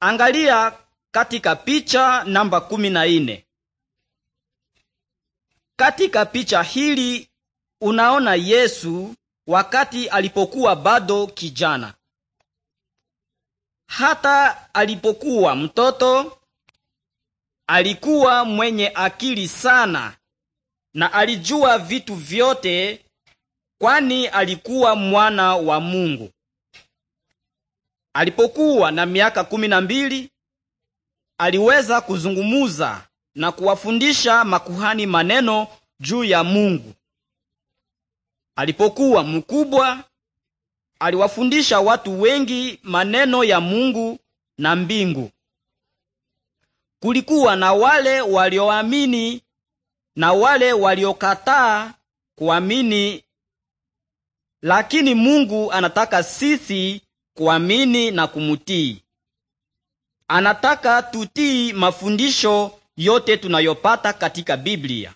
Angalia katika picha namba kumi na Katika picha hili unaona Yesu wakati alipokuwa bado kijana. Hata alipokuwa mtoto alikuwa mwenye akili sana na alijua vitu vyote kwani alikuwa mwana wa Mungu. Alipokuwa na miaka kumi na mbili aliweza kuzungumuza na kuwafundisha makuhani maneno juu ya Mungu. Alipokuwa mkubwa aliwafundisha watu wengi maneno ya Mungu na mbingu. Kulikuwa na wale walioamini na wale waliokataa kuamini, lakini Mungu anataka sisi kuamini na kumutii. Anataka tutii mafundisho yote tunayopata katika Biblia.